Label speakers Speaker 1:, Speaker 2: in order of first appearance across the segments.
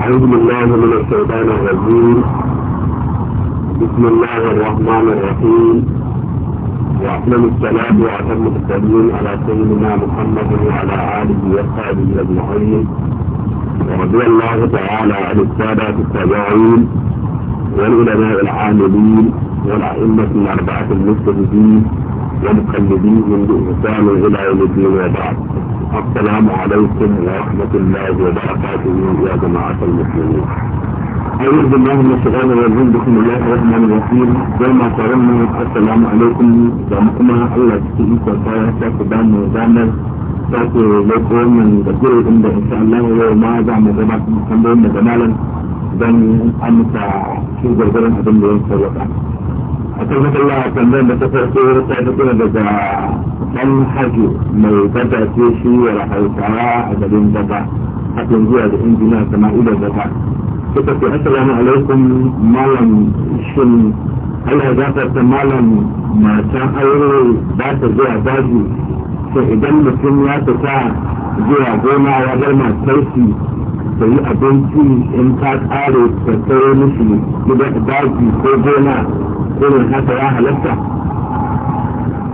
Speaker 1: أعوذ بالله من الشيطان الرجيم بسم الله الرحمن الرحيم وأتم الصلاة وأتم التسليم على سيدنا محمد وعلى آله وصحبه أجمعين ورضي الله تعالى عن السادة التابعين والعلماء العاملين والأئمة الأربعة المجتهدين ومقلديهم بإحسان إلى يوم الدين وبعد السلام عليكم ورحمة الله وبركاته يا جماعة المسلمين أعوذ بالله من الشيطان الرجيم بسم الله الرحمن الرحيم كما قررنا السلام عليكم زعمكما الله يسكي وصايا شاكو دام وزامر شاكو لكم من دكتور إن شاء الله وما زعم زباك محمد مجمالا dan amsa shi gargaran abin da ya sarrafa akwai Allah sannan da ta farko ta fito daga ɗan haji mai bata ce shi wa hausawa a garin bata hakan zuwa da injina sama'ila bata suka ce assalamu alaikum malam shin Allah za ta ta malam matan aure za ta zuwa daji to idan mutum ya fita zuwa gona ya bar matarsi ta yi abinci in ta tsare ta tsaye mishi daji ko gona يقول الناس يا اهل لسه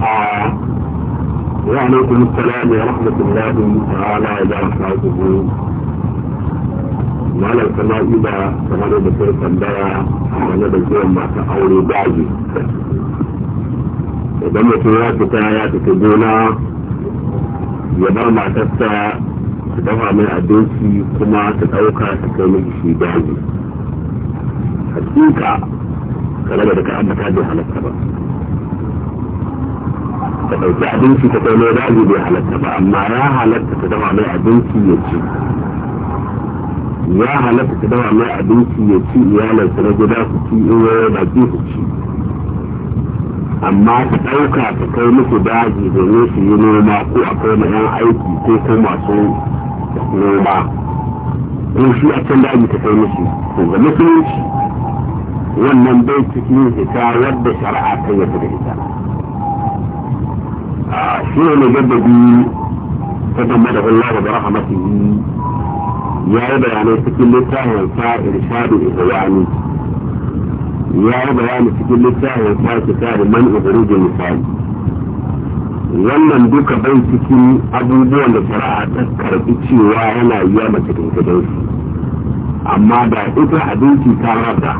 Speaker 1: آه. وعليكم السلام ورحمة الله تعالى إذا رحمته وعلى السماء إذا سمعنا بسير سندايا وعلى بالجوم ما تأولي بعضي ودمت تواتي تآيات كدونا يبرمع تستا تدفع من أدوكي كما تتأوكا تكامل بعضي حقيقة game da duka ambata bai halatta ba ka ɗauki abinci ka kai da abu bai halatta ba amma ya halatta ta dama mai abinci ya ci ya halatta ta dama mai abinci ya ci iyalansa na gida su ci in yaya baki su ci amma ka ɗauka ka kai musu daji domin su yi noma ko akwai na yan aiki ko ko masu noma ko shi a can daji ka kai musu to ga musulunci wannan bai cikin ita wadda shari'a ta yadda da ita shi ne mujaddadi ta gama da Allah da rahmatihi ya yi bayanai cikin littafin sa irshadu ihwani ya yi bayani cikin littafin sa kitabu man ihrijin misali wannan duka bai cikin abubuwan da shari'a ta karbi cewa yana yi mace ta amma da ita abinci ta rada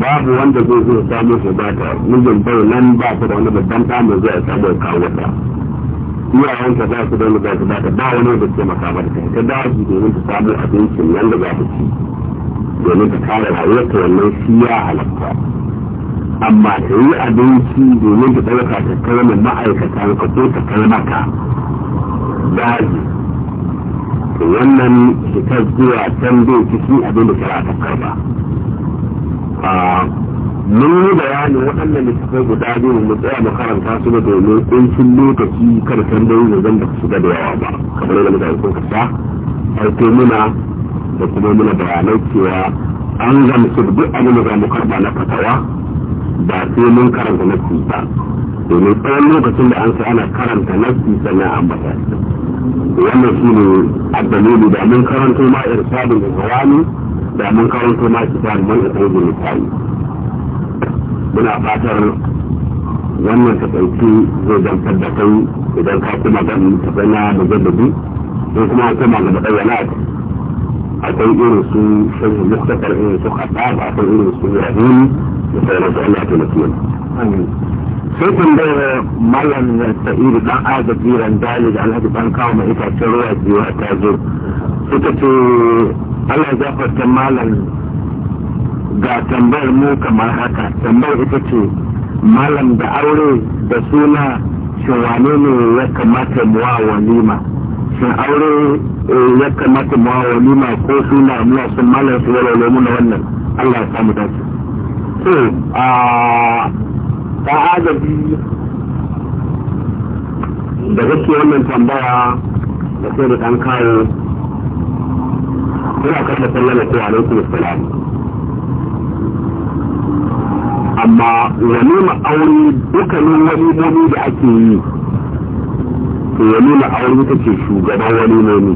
Speaker 1: babu wanda zai zo ya samu shi ba ta mijin bai nan ba ta da wani babban tamu zai samu ya kawo ta iyayenka za su daina za su ba ta ba wani da ke makamar ta ta daji domin ta samu abincin nan da za ta ci domin ta kare rayuwarta wannan shi ya halatta amma ta yi abinci domin ta ɗauka ta mai ma'aikata ka ko ta karmaka daji wannan fitar zuwa can bai ciki abin da shara ta karba mun yi bayani waɗannan littattafai guda biyu mu tsaya mu karanta su da domin sun lokaci kada dai da zan da su da yawa ba kamar yadda mutane sun kasa aiko muna da kuma muna bayanai cewa an su duk abin da za mu karɓa na fatawa ba sai mun karanta su ba domin tsawon lokacin da an sa ana karanta su sannan an bata wannan shi ne addalili da mun karanto ma irsabin da zawani da mun karanto na kitab man asaidu misali muna fatar wannan ta ɗauki zai zantar da kai idan ka kuma ga tafai na mujallabi don kuma kuma ga matsayana akwai irin su shahin mustaqar irin su haɗa ba akwai irin su rahim da sauransu Allah ya taimake mu sai kun da malam sa'idu dan agaji ran dali da alhaji ban kawo mai itacen ruwa biyu ta zo suka ce Allah ya zafarta malam ga tambayar mu kamar haka tambayar ita ce malam da aure da suna shin wane ne ya kamata mu wa walima shin aure eh, ya kamata mu wa walima ko suna muna sun malam su walwale lomu na wannan Allah ya samu dace so a ta adabi da gaske wannan tambaya da sai da dan kawo suna kasa sallama ko alaikum salam amma ya nuna aure wani wani da ake yi to walima nuna aure ta ce shugaban walimomi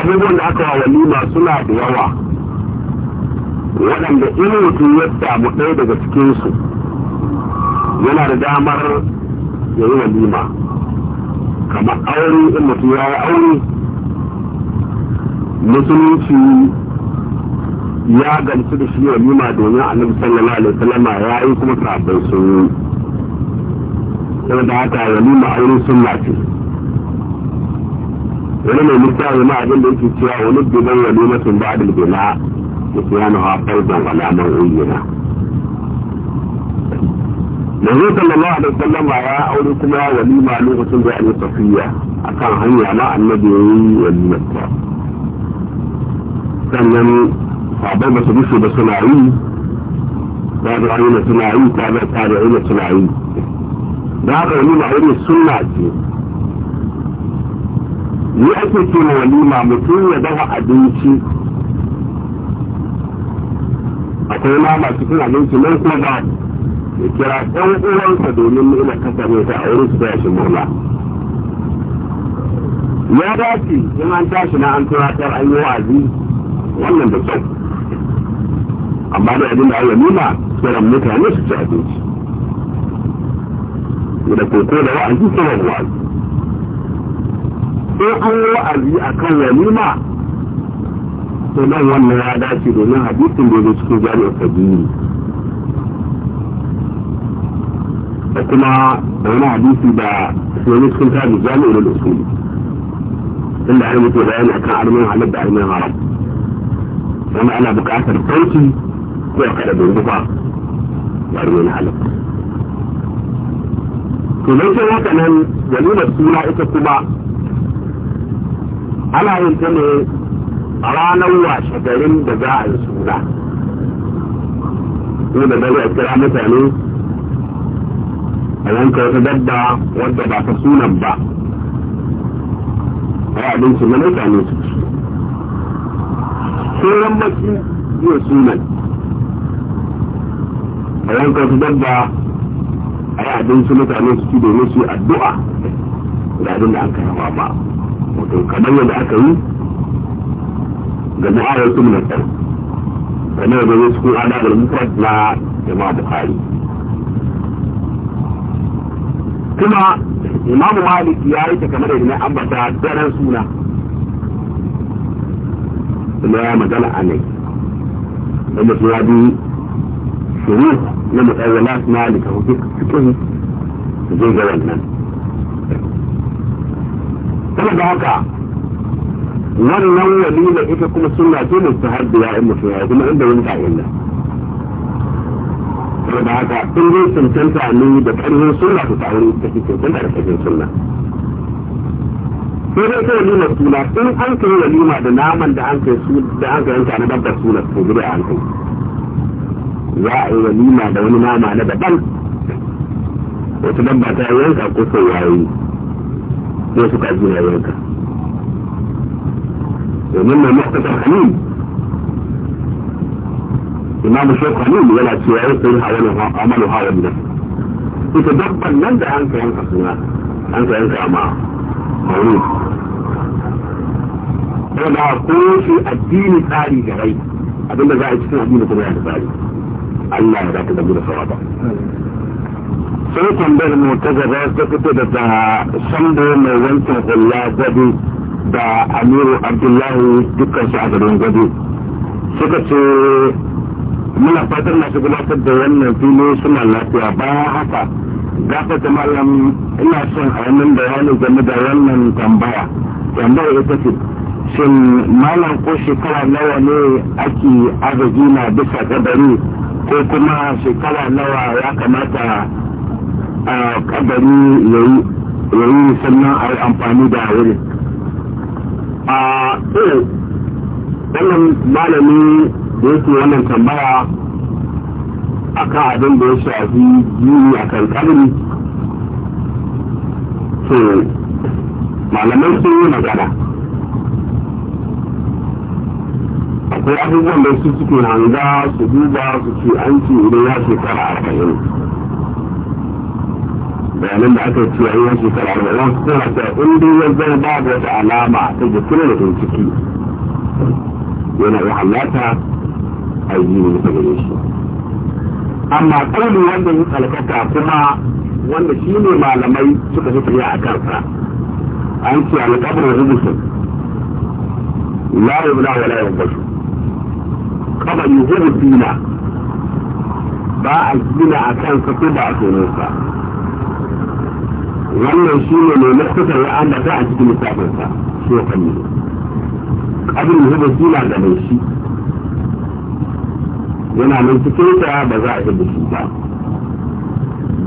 Speaker 1: abubuwan da aka wa walima suna da yawa waɗanda in mutum ya samu ɗaya daga cikinsu yana da damar ya yi walima kamar aure in mutum ya yi aure musulunci ya gamsu da shi walima domin annabi sallallahu alaihi wasallama ya yi kuma sahabbai sun yi saboda haka walima aure sun ce wani mai misali ma abin da yake cewa wani bidan sun ba da bila da hafar ha alamar ungina da zai sallallahu alaihi wasallam ya aure kuma ya walima lokacin da ya yi safiya akan hanya na annabi ya yi walimarta sannan abin da su rufe ba suna yi tabi'ina suna yi tabi'ina suna yi da haka walima wani suna ce ni ake ce na ma mutum ya dafa abinci akwai ma masu cin abinci nan kuma ba ya kira ɗan uwansa domin nuna kasance ta a wurin su ta shi murna ya dace in an tashi na an turatar an yi wa'azi wannan da kyau amma da abin da Allah nuna tsaron mutane su ci abinci da koko da wa'azi tsaron wa'azi Ko an wa'azi a kan walima to nan wannan ya dace domin hadisin da ya cikin jami'ar kabini da kuma da wani hadisi da wani cikin tabi jami'ar da usuli inda ya mutu bayani akan armin halar da armin haram zama ana buƙatar banki ko a kada dundufa ba ruwa na halatta to don sai haka nan jami'ar suna ita kuma ana yin ta ne a ranar washe garin da za a yi suna ko da dare a kira mutane a yanka wata dabba wadda ba ta sunan ba a abinci na mutane su sauran baki zuwa sunan a yanka su dabba a yi abin su mutane su ci domin su addu'a da abin da aka yawa ba wato kamar yadda aka yi ga mu'ayar su tsar kamar yadda zai su hada da mufrat na jama'a bukari kuma imamu malik ya yi ta kamar yadda na ambata daren suna kuma magana a nan wanda suna bi shuru na matsayala na littafin cikin zai ga wannan sama da haka wannan walima ita kuma suna ce da su haddu ya in mutum ya kuma inda wani ta'in nan saboda haka in zai cancanta ne da ƙarfin suna su ta'in ta cikin suna da ƙarfin suna sai dai sai walima suna in an yi walima da naman da an ka yi da an kai yanka na dabbar suna to gudu a hankali za a yi walima da wani nama na daban wata dabba ta yanka ko sai yayi sai suka ji na yanka domin mai muhtasar halin imamu shekhu halin yana cewa yau sai hawan amalu hawan nan ita dabban nan da an ka yanka suna an ka yanka ma ko da ko shi addini tsari ga rai abinda za a cikin addini kuma yana tsari Allah ya zaka dabu da sawaba sai tambayar mu ta gaba ta fito daga sando mai wancan hulla gado da amiru abdullahi dukkan su a garin gado suka ce muna fatan masu gudanar da wannan fili suna lafiya bayan haka gafata malam ina son a wannan bayani game da wannan tambaya tambaya ita ce shin malam ko shekara nawa ne ake arziki na bisa kadari ko kuma shekara nawa ya kamata a kadari ya yi sannan a yi amfani da wuri a wannan malami da yake wannan tambaya a akan abin da ya shafi jini a kan to malamai sun yi magana akwai abubuwan da su suke hanga su duba su ce an ce idan ya shekara arba'in bayanan da aka ce an ya shekara arba'in su tana cewa in dai ya zama babu wata alama ta jikin da ɗin ciki yana iya halatta a yi ne ta gare shi amma ƙauli wanda ya tsalkata kuma wanda shi ne malamai suka fi tafiya a kansa an ce alƙabar rubusun la yabla wala yabashu yi yuhu dina ba a gina a kan ko ba a tononsa wannan shi ne mai nasakar da za a cikin misafinsa shi ya abin yi yuhu dina da mai shi yana nan cikin sa ba za a yi da shi ba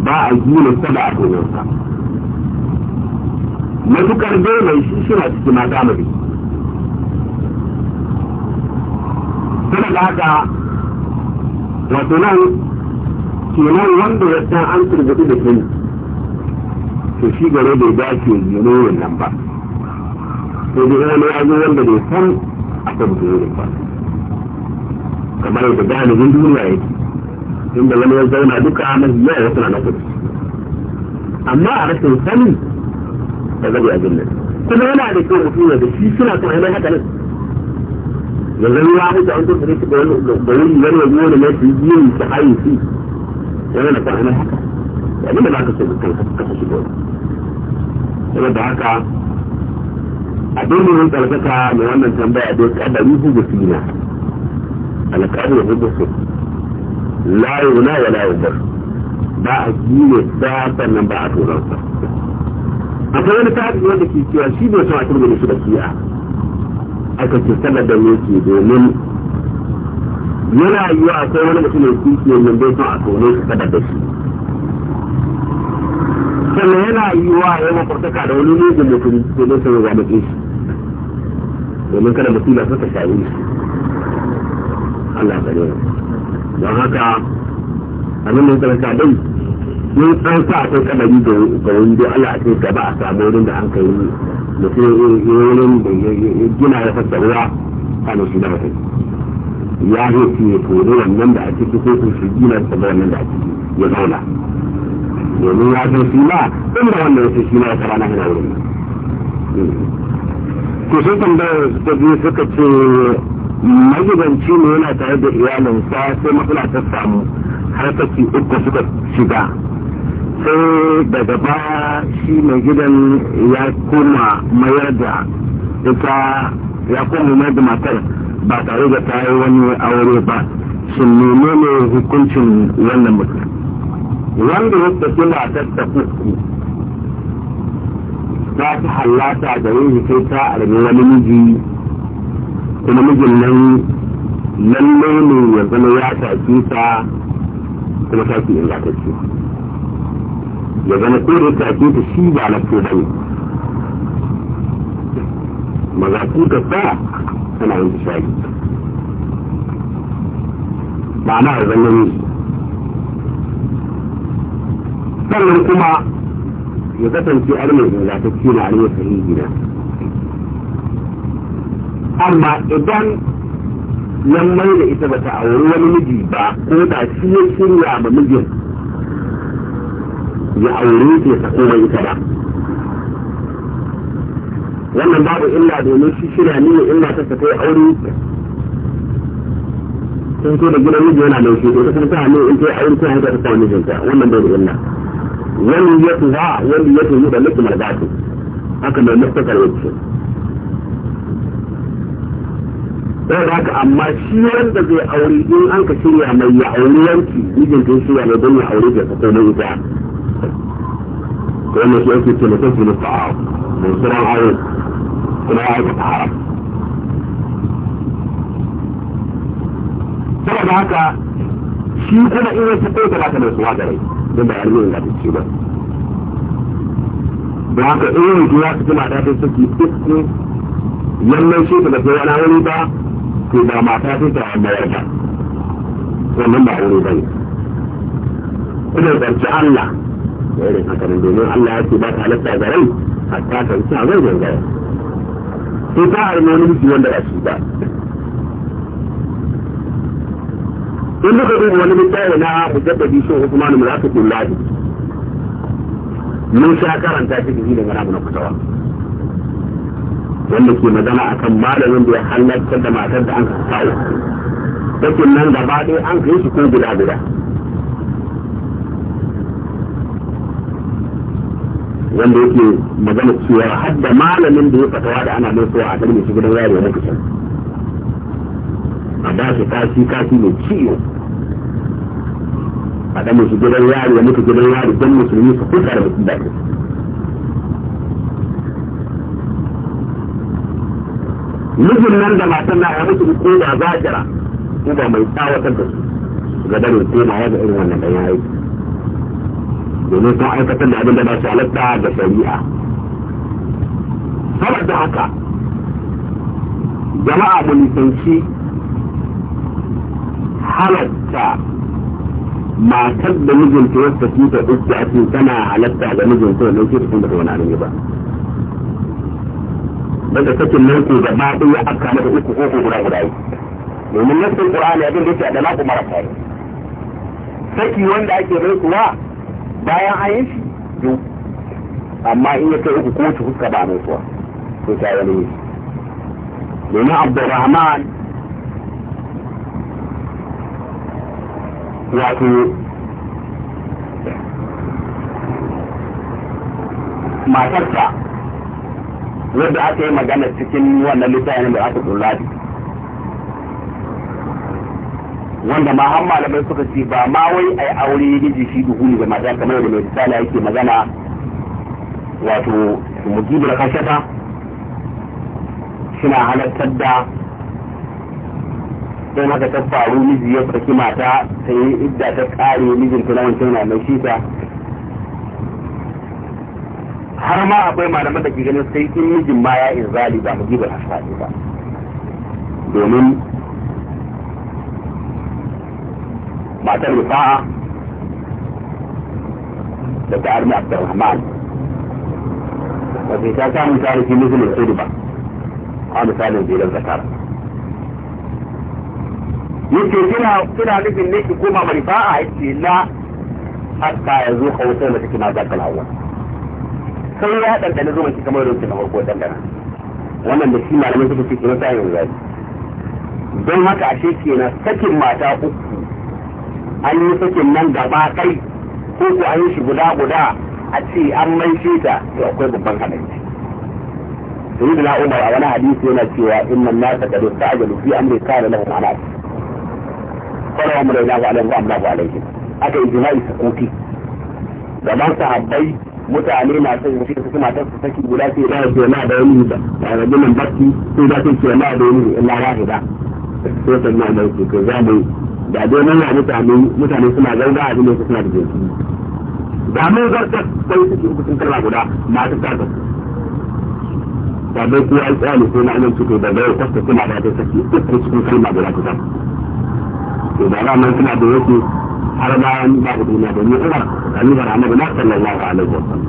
Speaker 1: ba a gina sa ba a tononsa matukar dai mai shi shi na cikin mata mai saboda wato nan kenan wanda ya san an turbutu da shi to shi gare bai dace ya gino wannan ba to da wani ne zo wanda bai san a turbutu ne ba kamar yadda galibin duniya yake inda wani ya zauna duka ya yi wasu na na kudu amma a rashin sani da zai abin nan kuma yana da kyau mutum da shi suna kuma yana haka ne yanzu ya mutu an tafi rikin da wani wani biyu ta fi na kwanan haka da ka haka a dole mun wannan tambaya da kadari fi na bar ba a ba sannan ba a turansa akwai wani tafi wanda ke cewa shi ne son a turbe shi da shi'a aka ce sallar da yake domin yana a kai wani mutum ne ke yin bai son a tone shi kada da shi sannan yana yiwa ya mafartaka da wani mugun mutum domin da mutum shi domin kada mutum na saka shayi shi Allah ya don haka abin da ya karanta dai mun an sa a akwai kadari da wani da Allah a kai gaba a samu wurin da an kai da sai wurin gina ya fasa ruwa a shi da kai ya zo su ya kori wannan da a ciki ko su gina da wannan da a ciki ya zauna domin ya san shi ma inda wannan ya shi ma ya tara na hina wurin ko sun tambayar ta biyu suka ce magidanci ne yana tare da iyalinsa sai matsala ta samu har ta ci uku suka shiga sai daga ba shi mai gidan ya koma mayar da ita ya koma mayar da matar ba tare da ta yi wani aure ba su shin ne hukuncin wannan mutum wanda ya tafi matar ta uku ta fi hallata da yin sai ta arbi wani miji kuma mijin nan lallai ne ya zama ya tafi ta kuma ta fi ingantacce يبقى انا كل تأكيد السيد على السيدين ما ذاكوت الطاق انا عند سعيد معناها ظنني sannan kuma ya kasance armin ingantacce na armin sahihi na amma idan yan mai da ita bata auri wani miji ba ko da shi ya shirya ba mijin ya aure ta ya sako mai ita ba wannan babu illa domin shi shina ne illa ta sako aure sun ce da gidan miji yana laushe to ta kuma ta hannu in ta aure ta hanta ta kawo mijinta wannan bai da illa wani ya tuha wani ya yi da lukmar gatu haka mai mustaqar yake sai da haka amma shi wanda zai aure in an ka shirya mai ya aure yanki mijin ta shirya mai don ya aure ta sako mai ita wannan shi ake cewa kasu na ta'am mai suran ayo kuma ya aikata haram saboda shi kuma in wasu ta baka da suwa da rai don da yarmi in gadi ba da haka in wani juwa su kuma da ta saki uku lallai shi ta da wani wani ba to ba mata sun ta amma yarda wannan ba wani ba ne. Ina zarci Allah da irin haka nan domin Allah ya ce ba ta halatta ga rai hatta ta sa rai gangara sai ta arma wani miki wanda ba shi ba in muka duba wani misali na mujaddadi shi Usman bin Abdullah mun sha karanta shi da wani abu na kusawa wanda ke magana akan malamin da ya halartar da matar da an kawo sakin nan gaba ɗaya an kai shi ko guda guda wanda yake magana cewa har da malamin da ya fatawa da ana mai so a tarbe shi gidan yaro na kusa a ba shi kashi kashi mai ciwo a ɗan shi gidan yaro ya mutu gidan yaro don musulmi su kusa da mutum da mijin nan da matan na ya mutu ko da zajira ko da mai tsawatar da su ga darin koma ya ga irin wannan da ya domin sun aikatar da abin da ba su halatta da shari'a saboda haka jama'a mu nisanci halatta matar da mijinta wasu su ta uku da cikin tana halatta da mijinta da lauke da kuma da wani abin ba daga sakin nan ko gaba ɗaya aka mata uku ko ko guda guda domin nassin qur'ani abin da yake da lafi mara kai saki wanda ake bai kuwa bayan an yi shi biyu amma in ya kai uku ko ta fuska ba mai suwa ko ta yi ne domin abdurrahman wato matarsa wadda aka yi magana cikin wannan littafin da aka tsulabi wanda ma har malamai suka ce ba ma wai ai aure miji shi duhu ne da mata kamar da mai misali yake magana wato mujibul kashata suna halartar da sai haka ta faru miji ya saki mata ta yi idda ta kare mijin ta na wancan na mai shita har ma akwai malaman da ke ganin sai in mijin ma ya inzali ba mujibul kashata ba domin بعدين الطاعة لتعرمي عبد الرحمن وفي ثالثة مثالة في مثل الصدبة قام ثالثة في البشر يمكن كنا كنا نبي نيجي كوما مرفاعة إلا حتى يزوق وصل لك كما ذاك الأول سوي هذا الدنيا زوما كما يقولون كنا مربوط الدنيا وانا نسي ما لم يزوق في كنا تايم ذلك دون ما تعشيك ينا سكن ما تاقو an yi sakin nan gaba kai ko ku an yi shi guda guda a ce an mai shi ta to akwai babban sai da umar a wani hadisi yana cewa inna kadu ta ajalu fi amri kana lahum alaq qala wa amrayna wa alayhi wa amlahu alayhi aka ijma'i sukuti gaban sahabbai mutane na son shi su kuma su saki guda ce da su na da wani da rajulun bakki su da ce na da wani illa rahida sai sannan da ke zamu da dai nan na mutane mutane suna zauna a cikin suna da jinsu da mun zarga kai suke uku sun karba guda ma ta karba da dai kuwa an tsaya ne sai na nan cikin da bai kwasta suna da ta saki uku cikin kalma guda ta karba to da ranar suna da yake har ma an ba ku duniya da ni ina bara annabi na sallallahu alaihi wasallam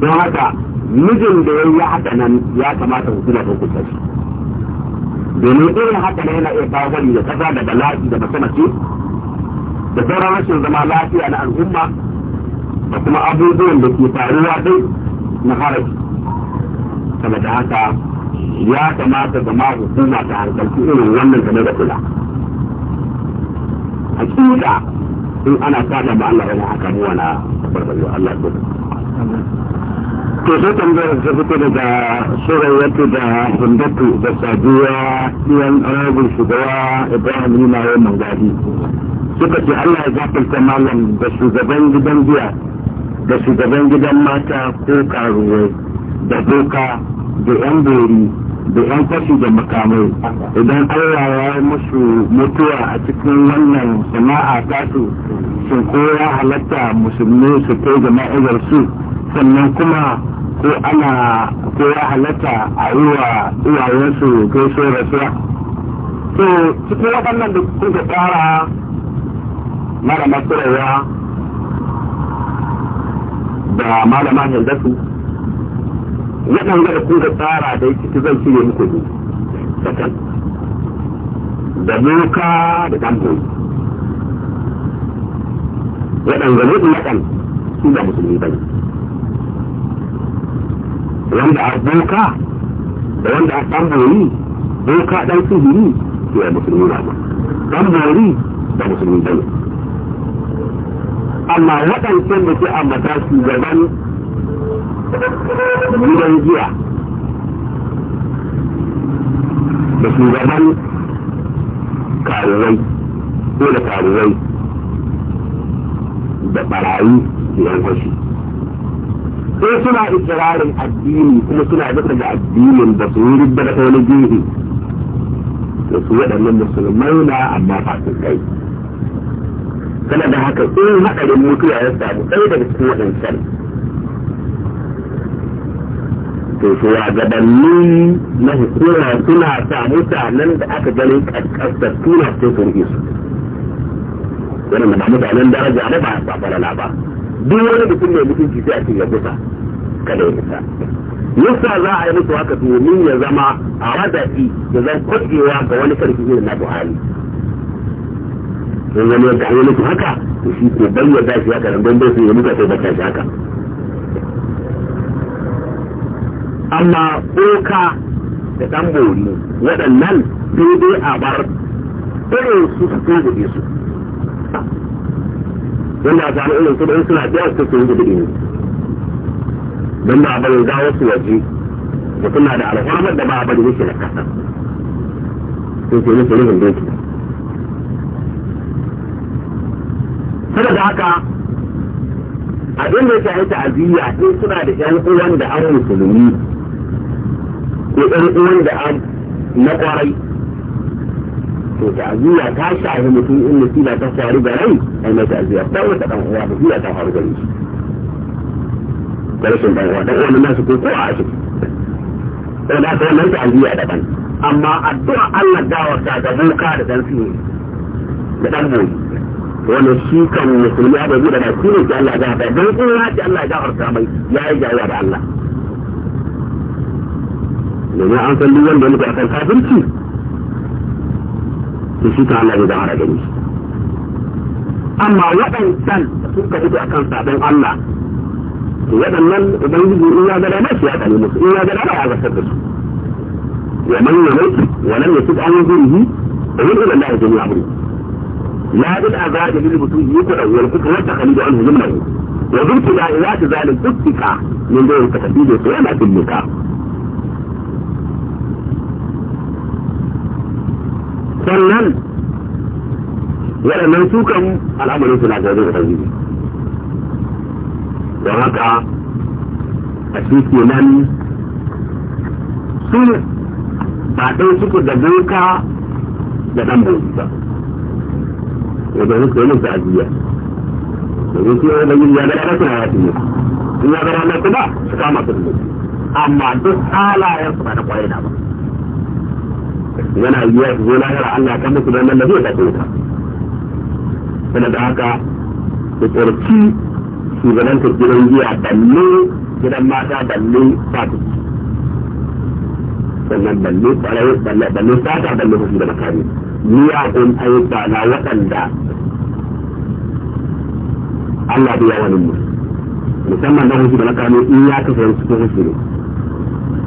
Speaker 1: don haka mijin da yayi yi ya kamata ku kula da hukunta shi domin irin haka ne yana iya kawo gani da kasa daga bala'i da mace da sauran rashin zama lafiya na al'umma da kuma abubuwan da ke faruwa dai na haraji da haka ya kamata zama hukuma ta hankalci irin wannan game da kula hakika in ana sada ba Allah yana haka mu wani barbarewa Allah
Speaker 2: ya
Speaker 1: to sai tambayar ta fito daga surayyatu da hundatu da saduwa ɗiyan arabin shugaba ibrahim nima yau mangadi suka ce allah ya zafarta malam da shugaban gidan biya da shugaban gidan mata ko karuwai da doka da yan bori da yan fashi da makamai idan allah ya yi musu mutuwa a cikin wannan sana'a tasu sun koya halatta musulmi su kai jama'izar su sannan kuma ko ana ko ya halatta a yi wa iyayensu da rasuwa to cikin waɗannan da kuka tsara mara masarawa da malama hildatu waɗanda da kuka tsara da ciki zan shirya muku ne da doka da ɗanɓoyi waɗanda ne ɗan su da musulmi bane wanda a boka da wanda a ɗan boka ɗan sihiri to ya musulmi na ba ɗan da musulmi bane amma waɗancan da ke matashi shugaban gidan giya da shugaban karirai ko da karirai da barayi da yan sai suna ikirarin addini kuma suna bisa ga addinin da su yi da wani gehe da su waɗannan musulmai na amma fasin kai kana da haka in haɗarin mutuwa ya samu ɗaya daga cikin waɗancan to shugabanni na hukuma suna sa mutanen da aka gani ƙasƙasar suna sai sun isu wannan ba mutanen daraja na ba ba ba duk wani mutum mai mutunci sai a ce ya kusa kada ya kusa yasa za a yi musu haka domin ya zama a wadafi ya zan kwaɗewa ga wani sarki irin na buhari in wani yadda an musu haka to shi ko bayyana ya shi haka nan don bai su yi muka sai bata shi haka amma boka da dan bori waɗannan daidai a bar irin su su su wanda a sami irin kudin suna biya su ke yi gudu ne don ba a bari za wasu waje da suna da alhormar da ba a bari yake na kasa sun ce musu rihin doki da haka abin da ya shahi ta'aziyya in suna da ƴan uwan da an musulmi ko ƴan uwan da an na ƙwarai to ta'aziyya ta shafi mutum in musiba ta faru da rai ai mai ta'aziyya ta wata dan uwa musiba ta faru da shi da rashin dan uwa dan uwa nan su ko ko a asibiti sai da ta wannan ta'aziyya daban amma addu'a Allah gawarta da buka da dan fiye da dan boye wannan shi kan musulmi ya bai da shi ne Allah ya gafarta dan uwa ce Allah ya gafarta mai yi jawa da Allah domin an san duk wanda ya mutu akan kafirci to shi ta Allah ya zama da gani amma waɗancan suka fito akan sabon Allah to waɗannan ubangiji in ya gada ba shi ya gani musu in ya gada ba ya gasar da su wa man yamut wa lam yasud an yurihi fa yuridu Allah jami'a amri la bid'a zalika bil butuji yuqra wal kufra wa takhlidu anhu jumlahu وذكر إذا ذلك اتكى من دون تكبير سواء في النكاح sannan waɗannan su kan al'amarin su na gari da tarihi don haka a cikin nan su ba ɗan suku da doka da ɗan bauti ba wajen suka yi a jiya domin su yi wani ya gara suna ya fiye in ya gara na kuma su kama su amma duk halayen su ba na kwaye da ba yana yiwuwa su zo lahira Allah ya kama su da nan da zai tafi wuta sana da haka su tsorci shugabantar gidan giya balle gidan mata balle fatu sannan balle ta balle sata balle hukum da makami miyagun ayyuka na waɗanda Allah bai yawa mu musamman na hukum da makami in ya kasance cikin hukum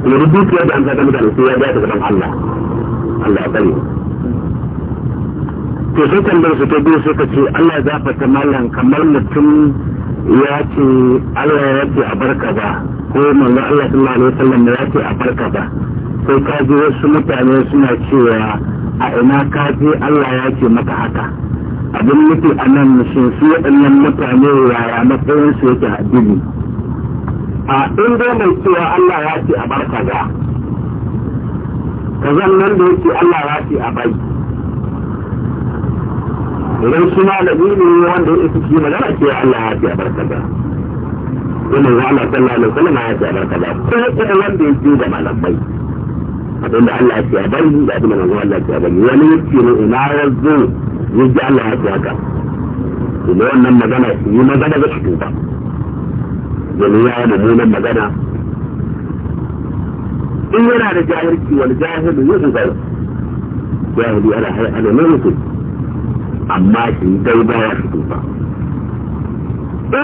Speaker 1: ne kuma duk dukiyar da an zaga mutane sai ya biya ta Allah Allah bane to sai tambayar su ta biyu suka ce Allah ya zafata mallan kamar mutum ya ce Allah ya ce a barka ba ko manzo Allah sallallahu alaihi wasallam ya ce a barka ba sai ka ji wasu mutane suna cewa a ina ka je Allah ya ce maka haka abin nufi a nan shin su waɗannan mutane yaya matsayin su yake addini a inda mai cewa Allah ya ce a barka ba kazan nan da yake Allah ya ce a bai idan shi malami ne wanda ya isa shi magana ce Allah ya ce a bar kaza wannan ya Allah sallallahu alaihi wasallam ya ce a bar kaza ko kuma wanda yake da malamai abin da Allah ya ce a bari da abin da manzon Allah ya ce a bari wani yake ne ina ya zo ya ji Allah ya ce haka ina wannan magana yi magana ga shi tuba domin ya yi mummunan magana in yana da jahilci wani jahilu yuhu bai jahili ana hai ana ne amma shi dai ba ya fito ba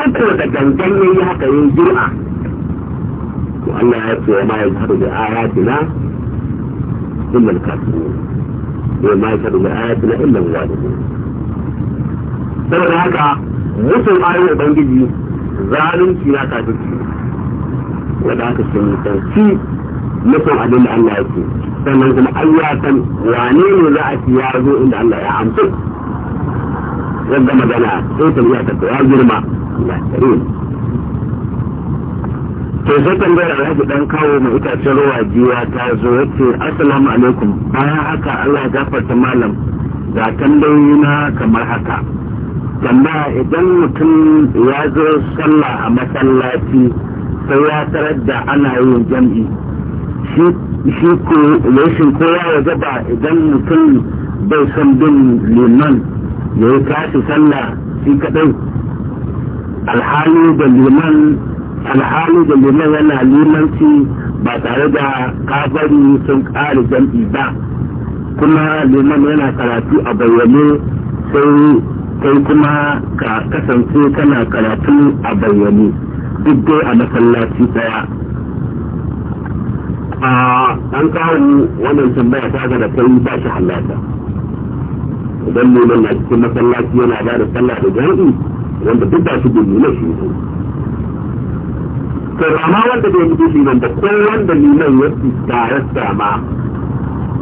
Speaker 1: in ko da gangan yayi haka yayi jur'a to Allah ya ce ma ya da ayatina illa al-kafirun wa ayatina saboda haka mutum ayoyin ubangiji zalunci na kafirci wanda aka ce mutum na son abin da Allah ya ce sannan kuma an ya san wane ne za a ci ya zo inda Allah ya amsa wanda magana sai ta ya tafi ya girma Allah karim to sai tambayar Alhaji dan kawo mai itacen ruwa jiwa ta zo yace assalamu alaikum bayan haka Allah ya gafarta malam ga tambayoyi na kamar haka tambaya idan mutum ya zo sallah a masallaci sai ya tarar da ana yin jam'i shi ko rashin kowa ya gaba idan mutum bai san bin liman ya yi tashi sallah shi kaɗai alhali da liman alhali da liman yana limanci ba tare da kabari sun ƙari jam'i ba kuma liman yana karatu a bayyane sai kai kuma ka kasance kana karatu a bayyane duk dai a masallaci ɗaya an kawo wannan tambaya ta ga da kai ta shi halata idan liman na cikin masallaci yana ba da sallah da jami'i wanda duk da shi gudu na shi to amma wanda bai mutu shi da ko wanda liman ya tsara sama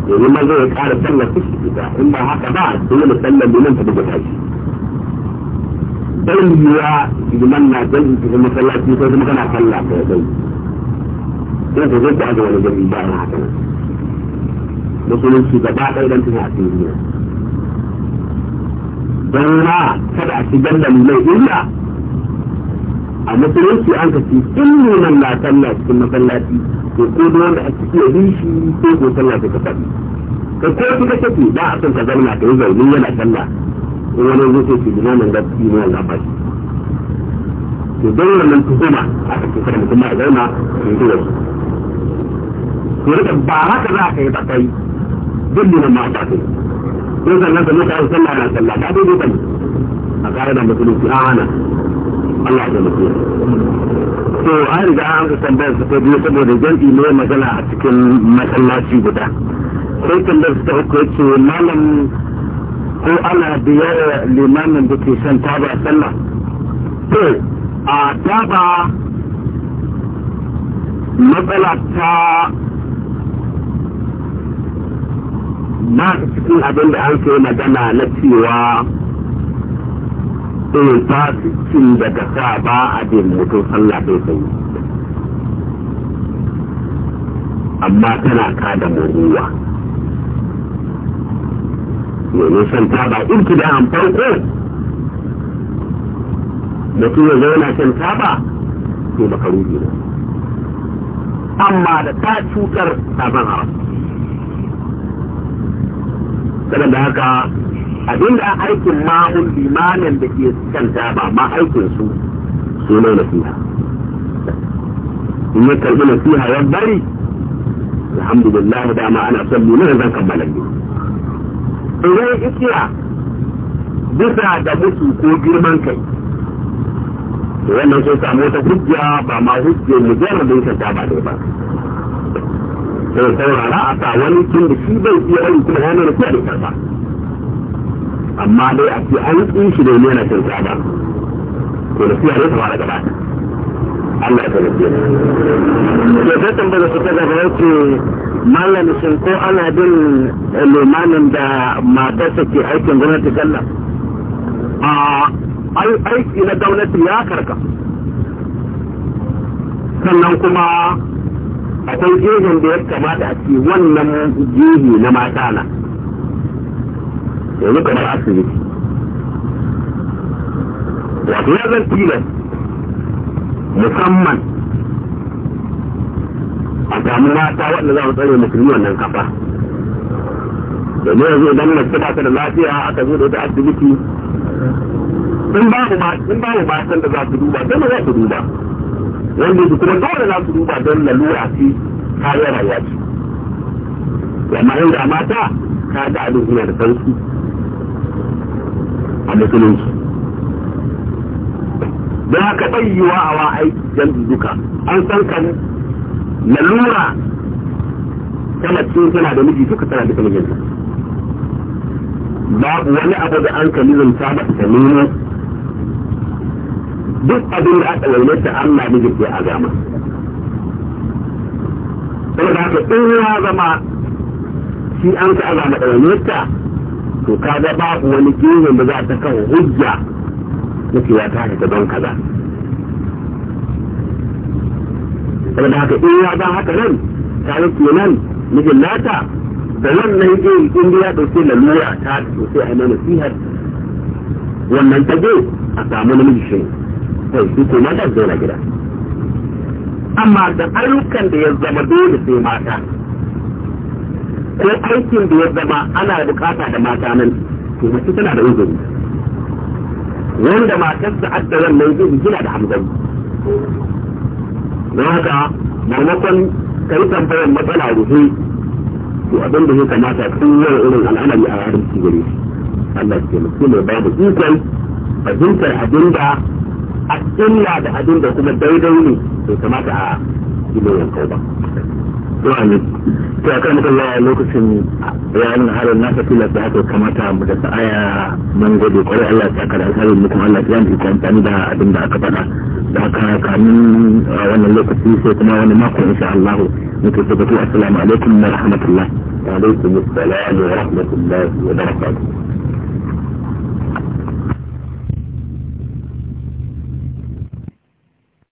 Speaker 1: yanzu ma zai kara sallar su shi fita in ba haka ba dole sallar liman ta buga tashi dan yiwa liman na zai cikin masallaci sai kuma kana sallah kai dai sai ka zai aje wani gari ba na haka musulunci gaba ɗaya don tuna a duniya don na kada a ci dandali mai illa a musulunci an ka ci in nunan na sallah cikin masallaci to ko da wanda a ciki ya rishi ko ko sallah ta kafa ka ko ki kace ki ba a son ka zauna ka yi zaune yana sallah in wani zai ce ki dina nan da imanin na fashi to don wannan tuhuma aka ce kada mutum ma zauna ya yi da su to rika ba haka za ka yi ba kai duk da ma ta kai ko sannan ka mutu a sallah na sallah ka dai kai a kare da musulunci a hana Allah ta mutu to an riga an ka tambayar su ta biyu saboda jam'i ne magana a cikin masallaci guda sai tambayar su ta uku yace malam ko ana biyar limamin da ke shan taba sallah to a taba matsala ta ba su cikin abin da an sai magana na cewa irin eh, fasikin da daga sa ba a bin mutum sallah bai sai amma tana ka da muruwa domin san ta ba irki da an farko da ya zauna shan taba to makaruhi ne amma da ta cutar ban haram da haka abinda aikin ma'un limanin da ke kanta ba ma aikin su sunan nasiha in ya karbi fiya ya bari alhamdulillah dama ana son nuna da zan kammala ne idan ikiya bisa da mutu ko girman kai wannan sun samu wata hujja ba ma hujjar mujarrabin ta ba ne ba da saurara a sa wani tun da shi bai iya wani kuma ya nuna kuwa da karfa amma dai a ce an tsin shi domin yana cin tsada to da siya ne kamar gaba Allah ya tsare shi to sai tambayar su ta gaba yake malam shin ko ana bin limanin da matarsa ke aikin gwamnati sallah a aiki na gwamnati ya karka sannan kuma a san jejin da ya kamata a ce wannan jihi na mata na yanzu kamar asibiti wato ya zan tilas musamman a samu mata wadda za su tsare musulmi wannan kafa domin yanzu idan mace ba ta da lafiya aka zo da wata asibiti in babu ba in ba san da za su duba sai ma za su duba wanda su kuma dole za su duba don lalura ce kayan rayuwa ce amma yau da mata ka ga abin suna da sauki a musulunci don haka bayyewa a wa aiki jan duka an san ka lalura ta mace tana da miji suka tana da mijinta babu wani abu da an kalizanta ba ta nuna duk abin da aka wailata Allah mijin ke a gama da aka in ya zama shi an ka azama da wailata to ba babu wani gehen da za ta kawo hujja na ya ta haka don kaza da aka in ya zama haka nan ta yi kenan mijin nata da na yi in ya ɗauke lalura ta sosai a mana sihar wannan tage a samu namiji shi sai su ce mata zo na gida amma da ayyukan da ya zama dole sai mata ko aikin da ya zama ana bukata da mata nan to mace tana da uzuri wanda matar da adda wannan zai gina da hamdan don haka maimakon kai yi tambayar matsala rufe to abin da ya kamata kowane irin al'amari a yaran Allah ya ce Allah ya taimake mu babu ikon fahimtar abin da a illa da abin da kuma daidai ne to kamata a yi ilo yankau ba wani to a kan Allah lokacin ranar harin nasa tilas da haka kamata mu da sa'aya mun gode kwarai Allah ta kada alharin mutum Allah ya yi tani da abin da aka faɗa da haka kamin wannan lokaci sai kuma wani mako insha Allah mu muke tabbatu assalamu alaikum wa rahmatullah wa alaikum assalam wa rahmatullah wa barakatuh